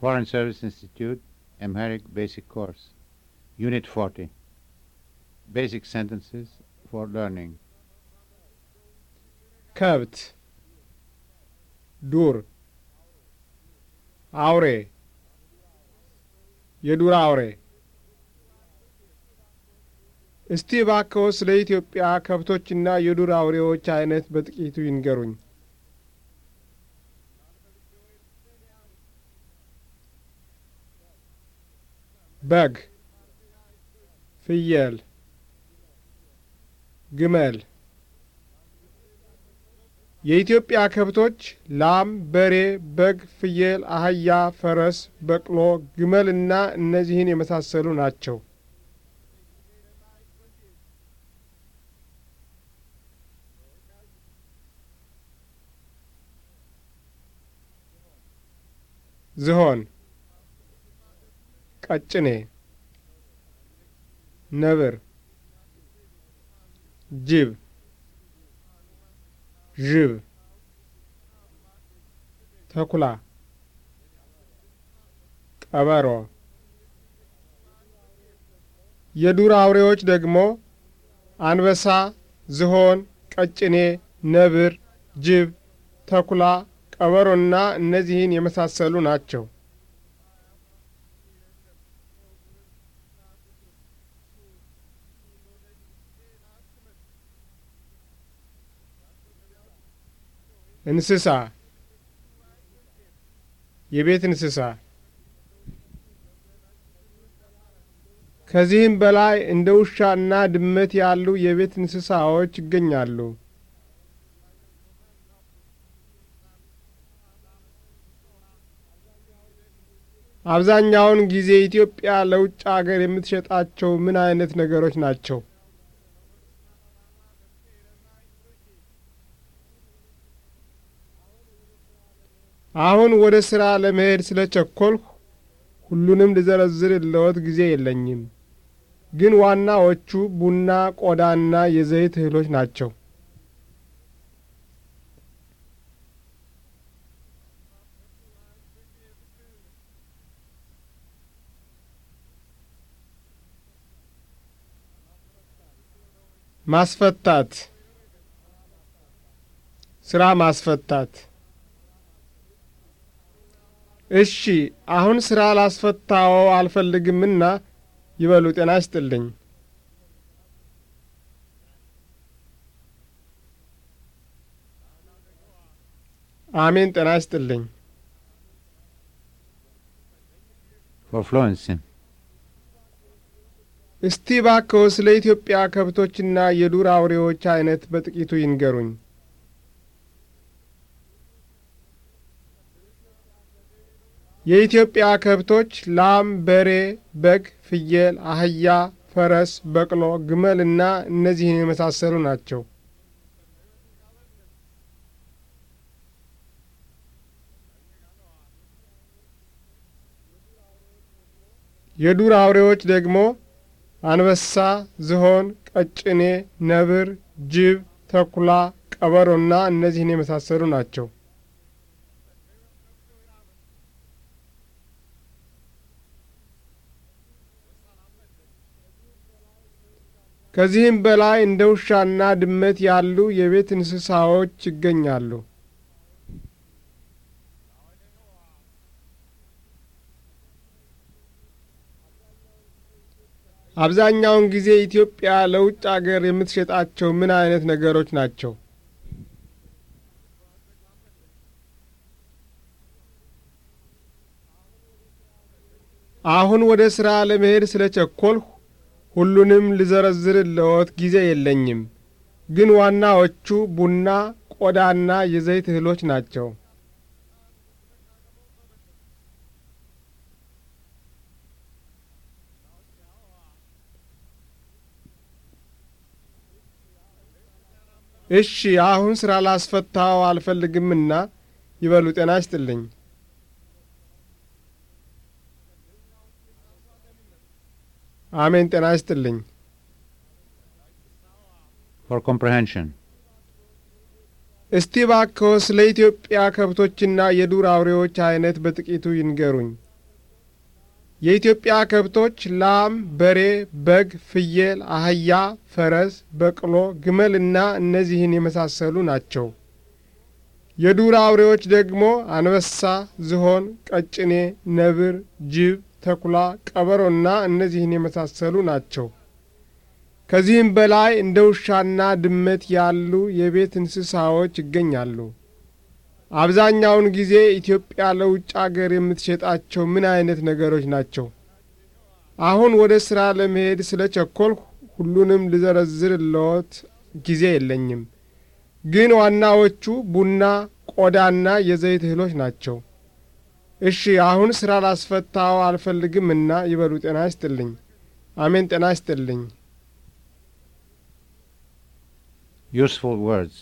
Foreign Service Institute, Amharic Basic Course, Unit 40, Basic Sentences for Learning. كبت دور عوري የዱር አውሬ እስቲ ባክዎ ስለ ኢትዮጵያ ከብቶችና የዱር አውሬዎች አይነት በጥቂቱ ይንገሩኝ። በግ፣ ፍየል፣ ግመል። የኢትዮጵያ ከብቶች ላም፣ በሬ፣ በግ፣ ፍየል፣ አህያ፣ ፈረስ፣ በቅሎ፣ ግመል እና እነዚህን የመሳሰሉ ናቸው። ዝሆን ቀጭኔ ነብር ጅብ ዥብ ተኩላ ቀበሮ የዱር አውሬዎች ደግሞ አንበሳ፣ ዝሆን፣ ቀጭኔ፣ ነብር፣ ጅብ፣ ተኩላ፣ ቀበሮና እነዚህን የመሳሰሉ ናቸው። እንስሳ የቤት እንስሳ ከዚህም በላይ እንደ ውሻና ድመት ያሉ የቤት እንስሳዎች ይገኛሉ። አብዛኛውን ጊዜ ኢትዮጵያ ለውጭ አገር የምትሸጣቸው ምን አይነት ነገሮች ናቸው? አሁን ወደ ሥራ ለመሄድ ስለ ቸኰልሁ ሁሉንም ልዘረዝር ለወት ጊዜ የለኝም። ግን ዋናዎቹ ቡና፣ ቆዳና የዘይት እህሎች ናቸው። ማስፈታት ስራ ማስፈታት እሺ አሁን ሥራ ላስፈታዎ አልፈልግምና ይበሉ ጤና ይስጥልኝ። አሜን ጤና ይስጥልኝ። ፍሎረንስ እስቲ ባክዎ ስለ ኢትዮጵያ ከብቶችና የዱር አውሬዎች አይነት በጥቂቱ ይንገሩኝ። የኢትዮጵያ ከብቶች ላም፣ በሬ፣ በግ፣ ፍየል፣ አህያ፣ ፈረስ፣ በቅሎ፣ ግመል እና እነዚህን የመሳሰሉ ናቸው። የዱር አውሬዎች ደግሞ አንበሳ፣ ዝሆን፣ ቀጭኔ፣ ነብር፣ ጅብ፣ ተኩላ፣ ቀበሮና እነዚህን የመሳሰሉ ናቸው። ከዚህም በላይ እንደ ውሻና ድመት ያሉ የቤት እንስሳዎች ይገኛሉ። አብዛኛውን ጊዜ ኢትዮጵያ ለውጭ አገር የምትሸጣቸው ምን አይነት ነገሮች ናቸው? አሁን ወደ ሥራ ለመሄድ ስለ ቸኮልሁ ሁሉንም ለወት ጊዜ የለኝም፣ ግን ዋናዎቹ ቡና፣ ቆዳና የዘይት እህሎች ናቸው። እሺ፣ አሁን ሥራ ላስፈታው አልፈልግምና ይበሉ። ጤና ይስጥልኝ። አሜን። ጤና ይስጥልኝ። ፎር ኮምፕሬንሽን እስቲ ባክዎ ስለ ኢትዮጵያ ከብቶችና የዱር አውሬዎች አይነት በጥቂቱ ይንገሩኝ። የኢትዮጵያ ከብቶች ላም፣ በሬ፣ በግ፣ ፍየል፣ አህያ፣ ፈረስ፣ በቅሎ፣ ግመልና እነዚህን የመሳሰሉ ናቸው። የዱር አውሬዎች ደግሞ አንበሳ፣ ዝሆን፣ ቀጭኔ፣ ነብር፣ ጅብ፣ ተኩላ፣ ቀበሮና እነዚህን የመሳሰሉ ናቸው። ከዚህም በላይ እንደ ውሻና ድመት ያሉ የቤት እንስሳዎች ይገኛሉ። አብዛኛውን ጊዜ ኢትዮጵያ ለውጭ አገር የምትሸጣቸው ምን አይነት ነገሮች ናቸው? አሁን ወደ ሥራ ለመሄድ ስለ ቸኮልሁ ሁሉንም ልዘረዝር ጊዜ የለኝም። ግን ዋናዎቹ ቡና፣ ቆዳና የዘይት እህሎች ናቸው። እሺ አሁን ስራ ላስፈታው እና ይበሉ። ጤና ይስጥልኝ። አሜን። ጤና ይስጥልኝ። ዩስፉል ወርድስ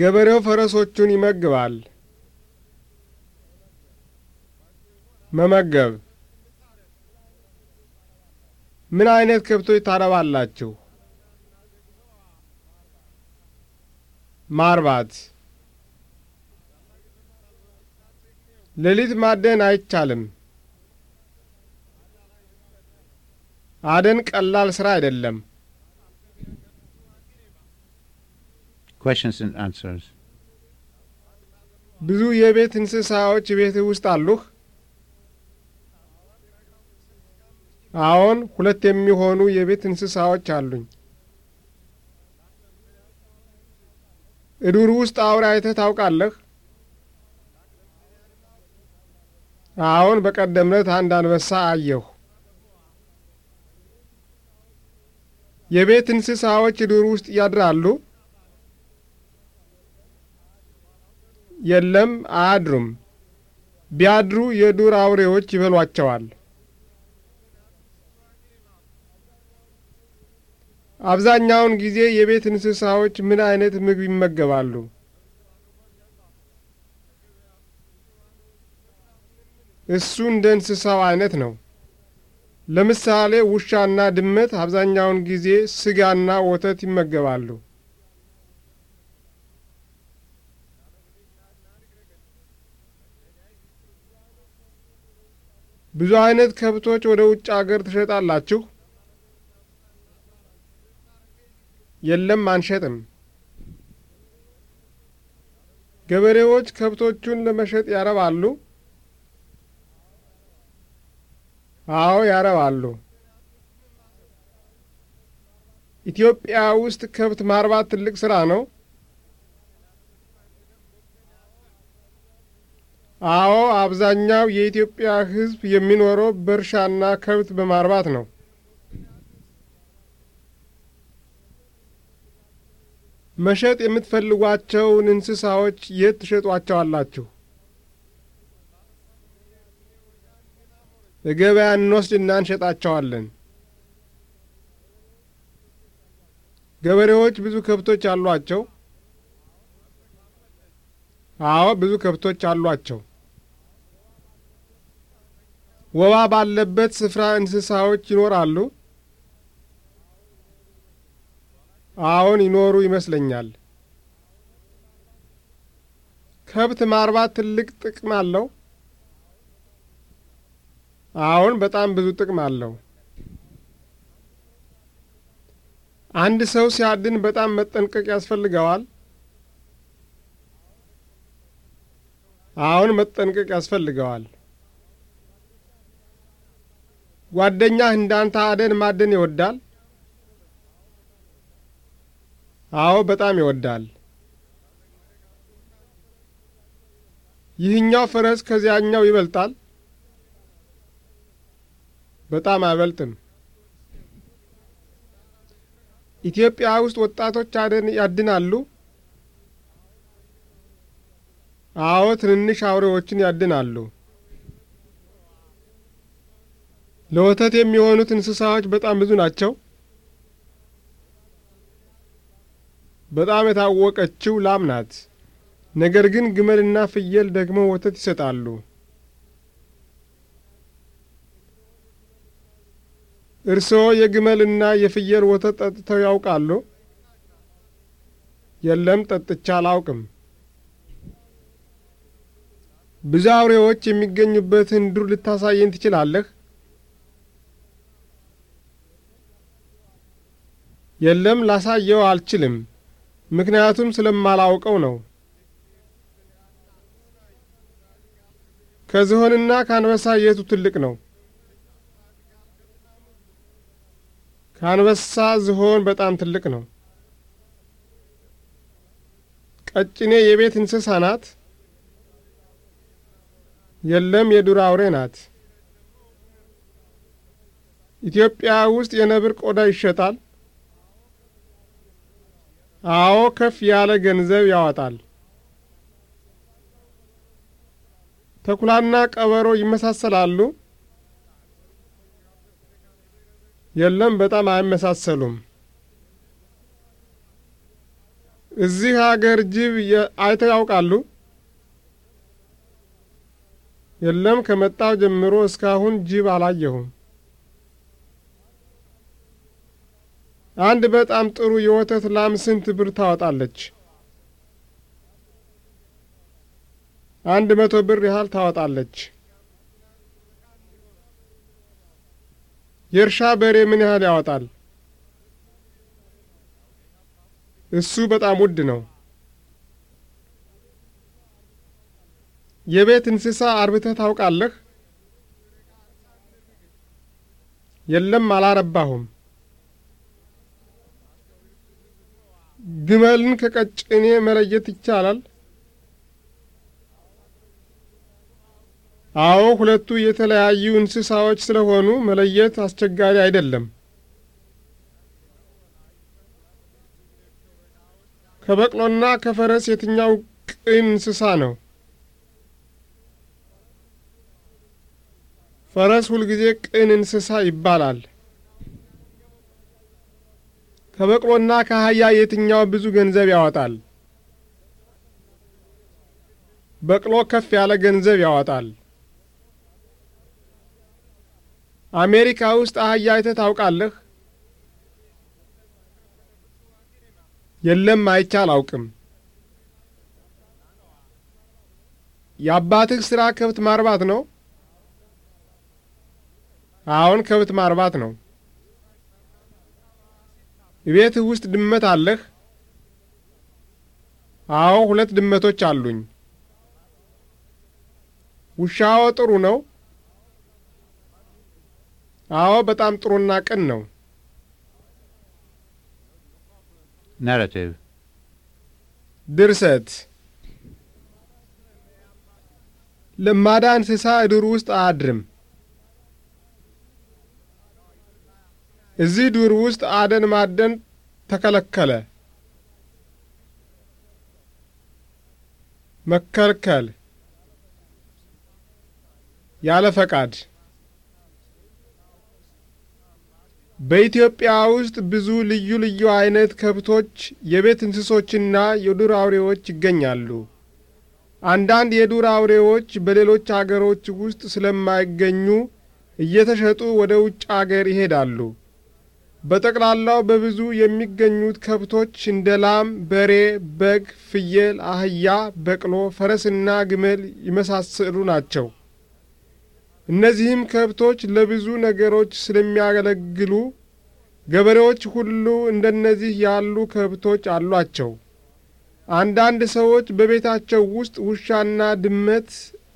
ገበሬው ፈረሶቹን ይመግባል። መመገብ። ምን አይነት ከብቶች ታረባላችሁ? ማርባት ሌሊት ማደን አይቻልም። አደን ቀላል ስራ አይደለም። ብዙ የቤት እንስሳዎች ቤት ውስጥ አሉህ? አዎን፣ ሁለት የሚሆኑ የቤት እንስሳዎች አሉኝ። እዱር ውስጥ አውሬ አይተህ ታውቃለህ? አሁን በቀደም ዕለት አንድ አንበሳ አየሁ። የቤት እንስሳዎች ዱር ውስጥ ያድራሉ? የለም፣ አያድሩም። ቢያድሩ የዱር አውሬዎች ይበሏቸዋል። አብዛኛውን ጊዜ የቤት እንስሳዎች ምን አይነት ምግብ ይመገባሉ? እሱ እንደ እንስሳው አይነት ነው። ለምሳሌ ውሻና ድመት አብዛኛውን ጊዜ ስጋና ወተት ይመገባሉ። ብዙ አይነት ከብቶች ወደ ውጭ አገር ትሸጣላችሁ? የለም፣ አንሸጥም። ገበሬዎች ከብቶቹን ለመሸጥ ያረባሉ? አዎ ያረባሉ። ኢትዮጵያ ውስጥ ከብት ማርባት ትልቅ ስራ ነው። አዎ አብዛኛው የኢትዮጵያ ሕዝብ የሚኖረው በእርሻና ከብት በማርባት ነው። መሸጥ የምትፈልጓቸውን እንስሳዎች የት ትሸጧቸዋላችሁ? በገበያ እንወስድና እንሸጣቸዋለን። ገበሬዎች ብዙ ከብቶች አሏቸው? አዎ፣ ብዙ ከብቶች አሏቸው። ወባ ባለበት ስፍራ እንስሳዎች ይኖራሉ? አዎን፣ ይኖሩ ይመስለኛል። ከብት ማርባት ትልቅ ጥቅም አለው? አሁን በጣም ብዙ ጥቅም አለው። አንድ ሰው ሲያድን በጣም መጠንቀቅ ያስፈልገዋል። አሁን መጠንቀቅ ያስፈልገዋል። ጓደኛህ እንዳንተ አደን ማደን ይወዳል? አዎ በጣም ይወዳል። ይህኛው ፈረስ ከዚያኛው ይበልጣል? በጣም አይበልጥም ኢትዮጵያ ውስጥ ወጣቶች አደን ያድናሉ? አዎ፣ ትንንሽ አውሬዎችን ያድናሉ። ለወተት የሚሆኑት እንስሳዎች በጣም ብዙ ናቸው። በጣም የታወቀችው ላም ናት። ነገር ግን ግመልና ፍየል ደግሞ ወተት ይሰጣሉ። እርስዎ የግመልና የፍየል ወተት ጠጥተው ያውቃሉ? የለም፣ ጠጥቻ አላውቅም። ብዙ አውሬዎች የሚገኙበትን ዱር ልታሳየን ትችላለህ? የለም፣ ላሳየው አልችልም፣ ምክንያቱም ስለማላውቀው ነው። ከዝሆንና ከአንበሳ የቱ ትልቅ ነው? ከአንበሳ ዝሆን በጣም ትልቅ ነው። ቀጭኔ የቤት እንስሳ ናት? የለም፣ የዱር አውሬ ናት። ኢትዮጵያ ውስጥ የነብር ቆዳ ይሸጣል? አዎ፣ ከፍ ያለ ገንዘብ ያወጣል። ተኩላና ቀበሮ ይመሳሰላሉ? የለም፣ በጣም አይመሳሰሉም። እዚህ አገር ጅብ አይተው ያውቃሉ? የለም፣ ከመጣው ጀምሮ እስካሁን ጅብ አላየሁም። አንድ በጣም ጥሩ የወተት ላም ስንት ብር ታወጣለች? አንድ መቶ ብር ያህል ታወጣለች። የእርሻ በሬ ምን ያህል ያወጣል? እሱ በጣም ውድ ነው። የቤት እንስሳ አርብተህ ታውቃለህ? የለም፣ አላረባሁም። ግመልን ከቀጭኔ መለየት ይቻላል? አዎ ሁለቱ የተለያዩ እንስሳዎች ስለሆኑ መለየት አስቸጋሪ አይደለም። ከበቅሎና ከፈረስ የትኛው ቅን እንስሳ ነው? ፈረስ ሁልጊዜ ቅን እንስሳ ይባላል። ከበቅሎና ከአህያ የትኛው ብዙ ገንዘብ ያወጣል? በቅሎ ከፍ ያለ ገንዘብ ያወጣል። አሜሪካ ውስጥ አህያ አይተህ ታውቃለህ? የለም፣ አይቼ አላውቅም። የአባትህ ሥራ ከብት ማርባት ነው? አሁን ከብት ማርባት ነው። ቤትህ ውስጥ ድመት አለህ? አዎ፣ ሁለት ድመቶች አሉኝ። ውሻዎ ጥሩ ነው? አዎ፣ በጣም ጥሩና ቅን ነው። ናራቲቭ ድርሰት። ለማዳ እንስሳ ዱር ውስጥ አያድርም። እዚህ ዱር ውስጥ አደን ማደን ተከለከለ። መከልከል ያለ ፈቃድ በኢትዮጵያ ውስጥ ብዙ ልዩ ልዩ አይነት ከብቶች፣ የቤት እንስሶችና የዱር አውሬዎች ይገኛሉ። አንዳንድ የዱር አውሬዎች በሌሎች አገሮች ውስጥ ስለማይገኙ እየተሸጡ ወደ ውጭ አገር ይሄዳሉ። በጠቅላላው በብዙ የሚገኙት ከብቶች እንደ ላም፣ በሬ፣ በግ፣ ፍየል፣ አህያ፣ በቅሎ፣ ፈረስና ግመል የመሳሰሉ ናቸው። እነዚህም ከብቶች ለብዙ ነገሮች ስለሚያገለግሉ ገበሬዎች ሁሉ እንደነዚህ ያሉ ከብቶች አሏቸው። አንዳንድ ሰዎች በቤታቸው ውስጥ ውሻና ድመት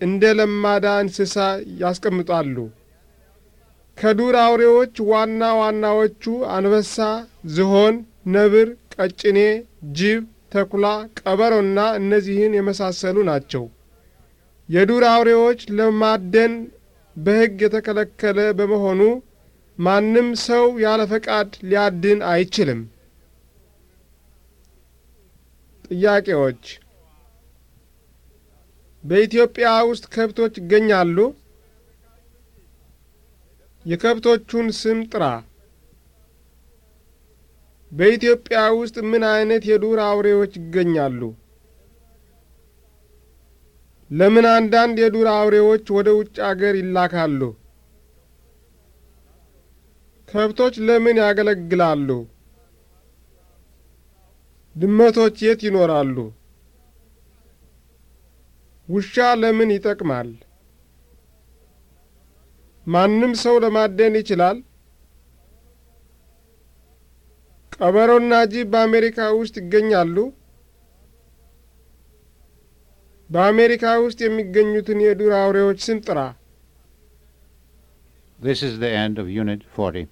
እንደ ለማዳ እንስሳ ያስቀምጣሉ። ከዱር አውሬዎች ዋና ዋናዎቹ አንበሳ፣ ዝሆን፣ ነብር፣ ቀጭኔ፣ ጅብ፣ ተኩላ፣ ቀበሮና እነዚህን የመሳሰሉ ናቸው። የዱር አውሬዎች ለማደን በሕግ የተከለከለ በመሆኑ ማንም ሰው ያለ ፈቃድ ሊያድን አይችልም። ጥያቄዎች በኢትዮጵያ ውስጥ ከብቶች ይገኛሉ? የከብቶቹን ስም ጥራ። በኢትዮጵያ ውስጥ ምን አይነት የዱር አውሬዎች ይገኛሉ? ለምን አንዳንድ የዱር አውሬዎች ወደ ውጭ አገር ይላካሉ? ከብቶች ለምን ያገለግላሉ? ድመቶች የት ይኖራሉ? ውሻ ለምን ይጠቅማል? ማንም ሰው ለማደን ይችላል? ቀበሮና ጅብ በአሜሪካ ውስጥ ይገኛሉ? በአሜሪካ ውስጥ የሚገኙትን የዱር አውሬዎች ስም ጥራ። This is the end of Unit 40.